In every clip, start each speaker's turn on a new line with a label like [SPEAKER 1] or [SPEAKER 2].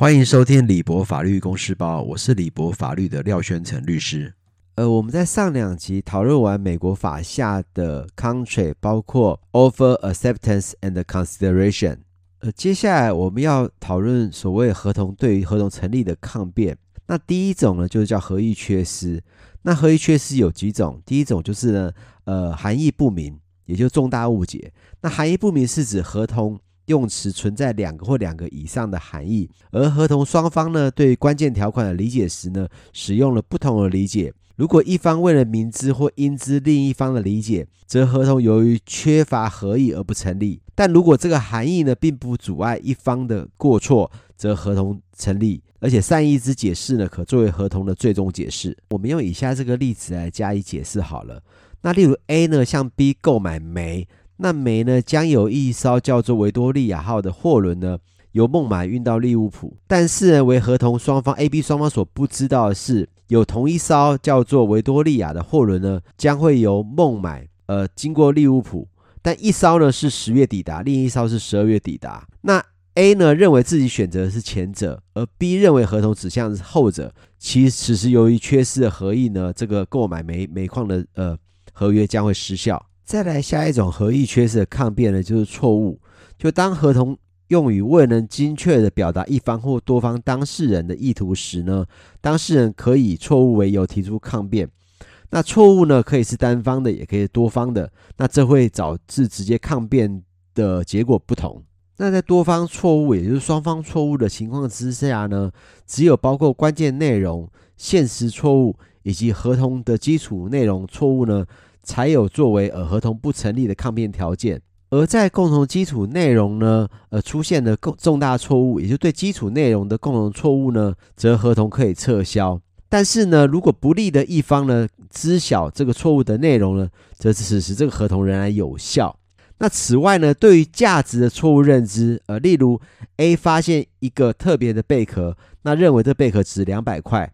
[SPEAKER 1] 歡迎收聽李博法律公事包，我是李博法律的廖宣成律師。呃，我們在上兩集討論完美國法下的 contract，包括 offer, acceptance and consideration。呃，接下來我們要討論所謂合同對於合同成立的抗辯。那第一種呢，就是叫合意缺失。那合意缺失有幾種？第一種就是呢，呃，含義不明，也就是重大誤解。那含義不明是指合同。用詞存在兩個或兩個以上的含義，而合同雙方呢對關鍵條款的理解時呢，使用了不同的理解。如果一方為了明知或應知另一方的理解，則合同由於缺乏合意而不成立；但如果這個含義呢並不阻礙一方的過錯，則合同成立，而且善意之解釋呢可作為合同的最終解釋。我們用以下這個例子來加以解釋好了。那例如 A 呢向 B 購買煤。那煤呢，將有一艘叫做維多利亞號的貨輪呢，由孟買運到利物浦。但是呢為合同雙方 A、B 雙方所不知道的是，有同一艘叫做維多利亞的貨輪呢，將會由孟買呃經過利物浦。但一艘呢是十月抵達，另一艘是十二月抵達。那 A 呢認為自己選擇的是前者，而 B 認為合同指向的是後者。其實由於缺失的合意呢，這個購買煤煤礦的呃合約將會失效。再來下一種合意缺失的抗辯呢，就是錯誤。就當合同用語未能精確地表達一方或多方當事人的意圖時呢，當事人可以以錯誤為由提出抗辯。那錯誤呢，可以是單方的，也可以是多方的。那這會導致直接抗辯的結果不同。那在多方錯誤，也就是雙方錯誤的情況之下呢，只有包括關鍵內容、現實錯誤以及合同的基礎內容錯誤呢，才有作為呃合同不成立的抗辯條件，而在共同基礎內容呢，呃出現了共重大錯誤，也就是對基礎內容的共同錯誤呢，則合同可以撤銷。但是呢，如果不利的一方呢知曉這個錯誤的內容呢，則此時這個合同仍然有效。那此外呢，對於價值的錯誤認知，呃，例如 A 發現一個特別的貝殼，那認為這貝殼值兩百塊，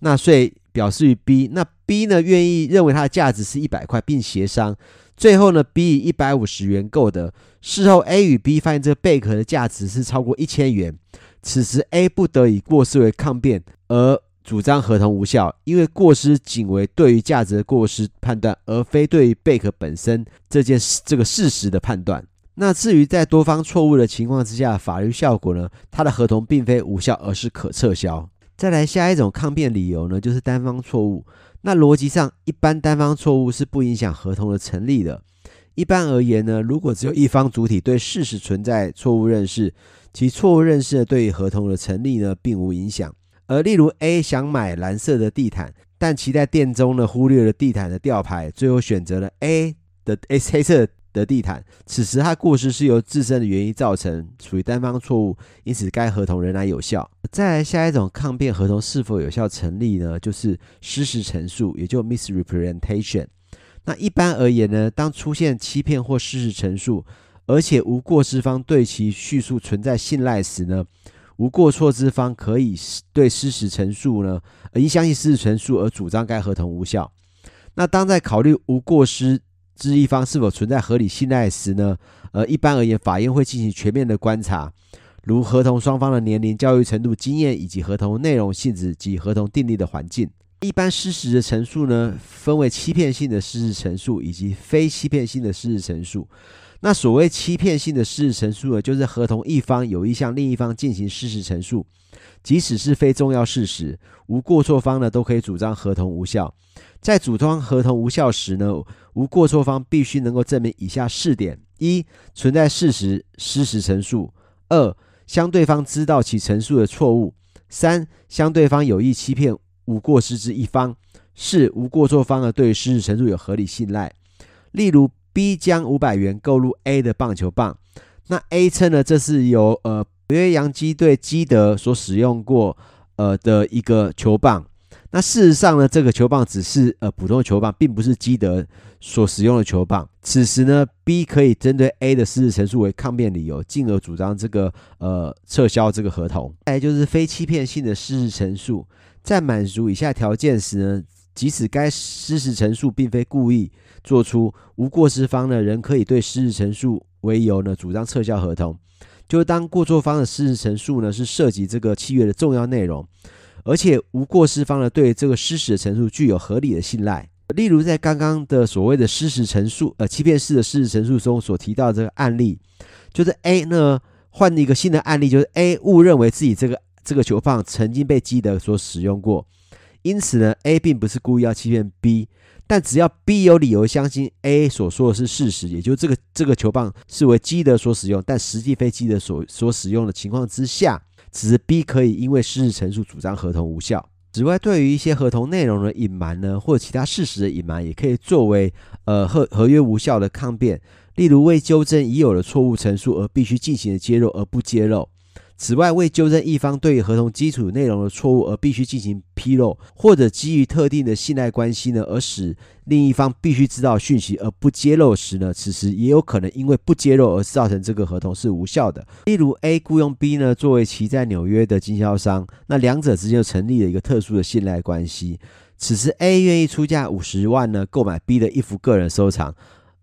[SPEAKER 1] 那所以。表示於 B，那 B 呢願意認為它的價值是一百塊，並協商。最後呢，B 以一百五十元購得。事後 A 與 B 發現這個貝殼的價值是超過一千元，此時 A 不得以過失為抗辯，而主張合同無效，因為過失僅為對於價值的過失判斷，而非對於貝殼本身這件事這個事實的判斷。那至於在多方錯誤的情況之下，法律效果呢，它的合同並非無效，而是可撤銷。再來下一種抗辯理由呢，就是單方錯誤。那邏輯上，一般單方錯誤是不影響合同的成立的。一般而言呢，如果只有一方主體對事實存在錯誤認識，其錯誤認識呢對於合同的成立呢並無影響。而例如 A 想買藍色的地毯，但其在店中呢忽略了地毯的吊牌，最後選擇了 A 的 s 黑色的地毯，此時他過失是由自身的原因造成，屬於單方錯誤，因此該合同仍然有效。再來下一種抗辯，合同是否有效成立呢？就是失實陳述，也就是 misrepresentation。那一般而言呢，當出現欺騙或失實陳述，而且無過失方對其敘述存在信賴時呢，無過錯之方可以對失實陳述呢，而因相信失實陳述而主張該合同無效。那當在考慮無過失。至於一方是否存在合理信賴時呢？而一般而言，法院會進行全面的觀察，如合同雙方的年齡、教育程度、經驗以及合同內容性質及合同訂立的環境。一般事實的陳述呢，分為欺騙性的事實陳述以及非欺騙性的事實陳述。那所謂欺騙性的事實陳述呢，就是合同一方有意向另一方進行事實陳述，即使是非重要事實，無過錯方呢都可以主張合同無效。在主張合同無效時呢，無過錯方必須能夠證明以下四點：一、存在事實事實陳述；二、相對方知道其陳述的錯誤；三、相對方有意欺騙無過失之一方；四、無過錯方呢對於事實陳述有合理信賴。例如。B 將五百元購入 A 的棒球棒，那 A 稱呢，這是由呃紐約洋基隊基德所使用過呃的一個球棒，那事實上呢，這個球棒只是呃普通的球棒，並不是基德所使用的球棒。此時呢，B 可以針對 A 的事實陳述為抗辯理由，進而主張這個呃撤銷這個合同。再就是非欺騙性的事實陳述，在滿足以下條件時呢，即使該事實陳述並非故意做出無過失方呢，仍可以對失實陳述為由呢，主張撤銷合同。就是當過錯方的失實陳述呢，是涉及這個契約的重要內容，而且無過失方呢，對這個失實的陳述具有合理的信賴。例如在剛剛的所謂的失實陳述，呃，欺騙式的失實陳述中所提到的這個案例，就是 A 呢換一個新的案例，就是 A 誤認為自己這個這個球棒曾經被基德所使用過。因此呢，A 並不是故意要欺騙 B，但只要 B 有理由相信 A 所說的是事實，也就這個這個球棒是為基德所使用，但實際非基德所所使用的情況之下，此時 B 可以因為事實陳述主張合同無效。此外，對於一些合同內容的隱瞞呢，或其他事實的隱瞞，也可以作為呃合合約無效的抗辯。例如，為糾正已有的錯誤陳述而必須進行的揭露而不揭露。此外，為糾正一方對於合同基礎內容的錯誤而必須進行披露，或者基於特定的信賴關係呢，而使另一方必須知道訊息而不揭露時呢，此時也有可能因為不揭露而造成這個合同是無效的。例如，A 僱傭 B 呢，作為其在紐約的經銷商，那兩者之間就成立了一個特殊的信賴關係。此時，A 願意出價五十萬呢，購買 B 的一幅個人收藏。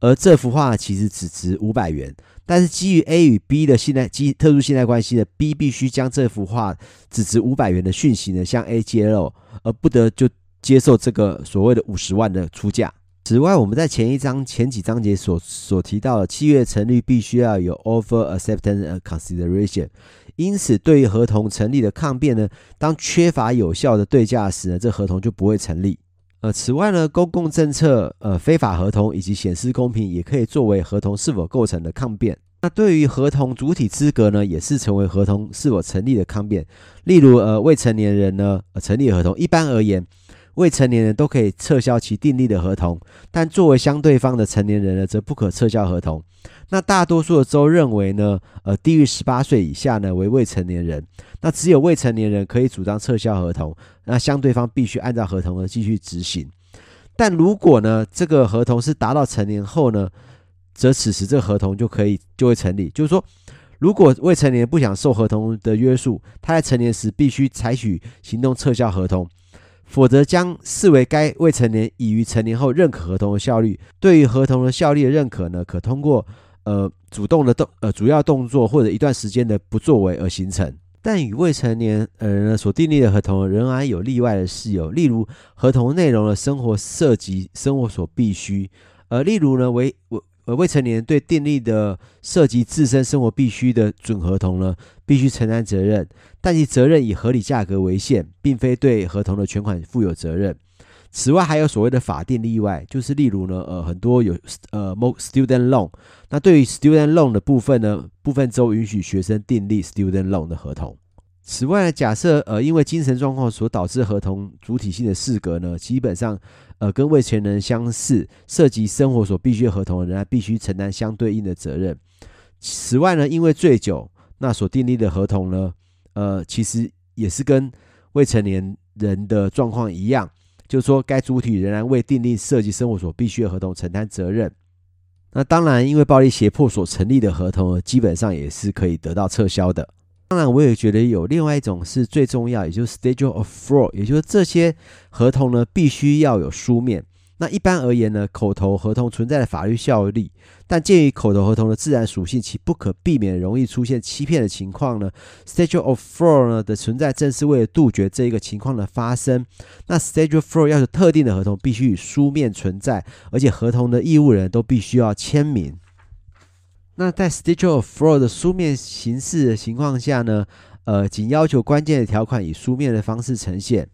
[SPEAKER 1] 而這幅畫其實只值五百元，但是基於 A 與 B 的信賴，基特殊信賴關係呢，B 必須將這幅畫只值五百元的訊息呢，向 A 揭露，而不得就接受這個所謂的五十萬的出價。此外，我們在前一章、前幾章節所所提到的契約成立必須要有 offer, acceptance and consideration。因此，對於合同成立的抗辯呢，當缺乏有效的對價時呢，這合同就不會成立。呃，此外呢，公共政策、呃，非法合同以及顯失公平，也可以作為合同是否構成的抗辯。那對於合同主體資格呢，也是成為合同是否成立的抗辯。例如，呃未成年人呢、呃、成立合同，一般而言，未成年人都可以撤銷其訂立的合同，但作為相對方的成年人呢，則不可撤銷合同。那大多數的州認為呢，呃，低於十八歲以下呢為未成年人，那只有未成年人可以主張撤銷合同，那相對方必須按照合同呢繼續執行。但如果呢這個合同是達到成年後呢，則此時這個合同就可以就會成立。就是說，如果未成年不想受合同的約束，他在成年時必須採取行動撤銷合同，否則將視為該未成年已於成年後認可合同的效力。對於合同的效力的認可呢，可通過。呃，主動的動呃主要動作或者一段時間的不作為而形成，但與未成年呃所訂立的合同仍然有例外的事由，例如合同內容的生活涉及生活所必須，呃，例如呢，為為、呃、未成年對訂立的涉及自身生活必須的準合同呢，必須承擔責任，但其責任以合理價格為限，並非對合同的全款負有責任。此外，還有所謂的法定例外，就是例如呢，呃，很多有呃，某 student loan。那對於 student loan 的部分呢，部分州允許學生訂立 student loan 的合同。此外呢，假設呃，因為精神狀況所導致合同主體性的適格呢，基本上呃，跟未成年人相似，涉及生活所必須合同的人，還必須承擔相對應的責任。此外呢，因為醉酒那所訂立的合同呢，呃，其實也是跟未成年人的狀況一樣。就是說，該主體仍然為訂立涉及生活所必需的合同承擔責任。那當然，因為暴力脅迫所成立的合同呢，基本上也是可以得到撤銷的。當然，我也覺得有另外一種是最重要，也就是 Statute of Frauds，也就是這些合同呢，必須要有書面。那一般而言呢，口頭合同存在的法律效力，但鑑於口頭合同的自然屬性，其不可避免容易出現欺騙的情況呢。Statute of Fraud 呢的存在正是為了杜絕這一個情況的發生。那 Statute of Fraud 要求特定的合同必須以書面存在，而且合同的義務人都必須要簽名。那在 Statute of Fraud 的書面形式的情況下呢，呃，僅要求關鍵的條款以書面的方式呈現。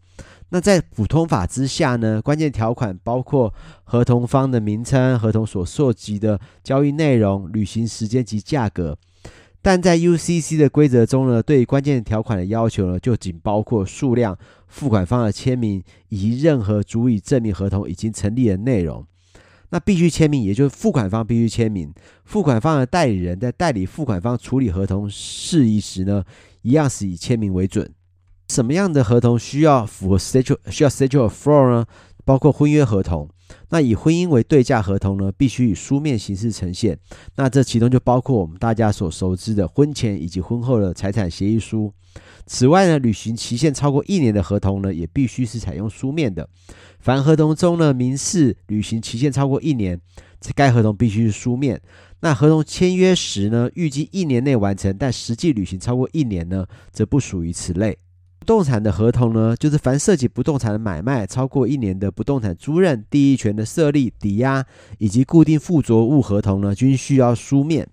[SPEAKER 1] 那在普通法之下呢，關鍵條款包括合同方的名稱、合同所涉及的交易內容、履行時間及價格。但在 UCC 的規則中呢，對關鍵條款的要求呢，就僅包括數量、付款方的簽名以及任何足以證明合同已經成立的內容。那必須簽名，也就是付款方必須簽名。付款方的代理人，在代理付款方處理合同事宜時呢，一樣是以簽名為準。什麼樣的合同需要符合 statute 需要 statute of fraud 呢？包括婚約合同。那以婚姻為對價合同呢，必須以書面形式呈現。那這其中就包括我們大家所熟知的婚前以及婚後的財產協議書。此外呢，履行期限超過一年的合同呢，也必須是採用書面的。凡合同中呢，民事履行期限超過一年，該合同必須是書面。那合同簽約時呢，預計一年內完成，但實際履行超過一年呢，則不屬於此類。不動產的合同呢，就是凡涉及不動產的買賣、超過一年的不動產租賃、地役權的設立、抵押以及固定附着物合同呢，均需要書面。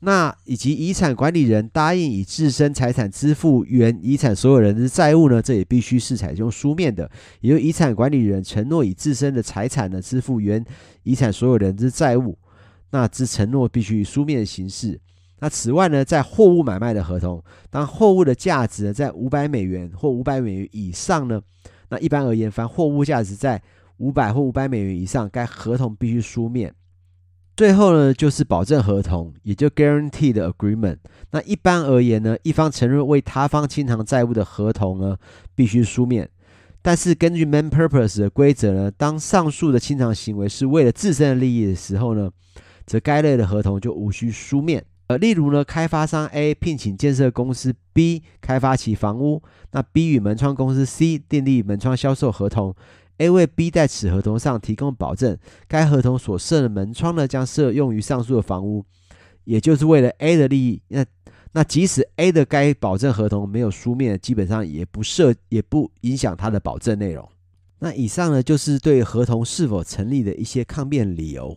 [SPEAKER 1] 那以及遺產管理人答應以自身財產支付原遺產所有人的債務呢，這也必須是採用書面的。由遺產管理人承諾以自身的財產呢支付原遺產所有人的債務，那這承諾必須以書面的形式。那此外呢，在貨物買賣的合同，當貨物的價值呢在五百美元或五百美元以上呢，那一般而言，凡貨物價值在五百或五百美元以上，該合同必須書面。最後呢，就是保證合同，也就 guaranteed agreement。那一般而言呢，一方承認為他方清償債務的合同呢，必須書面。但是根據 main purpose 的規則呢，當上述的清償行為是為了自身的利益的時候呢，則該類的合同就無需書面。呃，例如呢，開發商 A 聘請建設公司 B 開發其房屋，那 B 與門窗公司 C 訂立門窗銷售合同，A 為 B 在此合同上提供保證，該合同所涉的門窗呢，將適用於上述的房屋，也就是為了 A 的利益。那那即使 A 的該保證合同沒有書面，基本上也不涉也不影響它的保證內容。那以上呢，就是對合同是否成立的一些抗辯理由。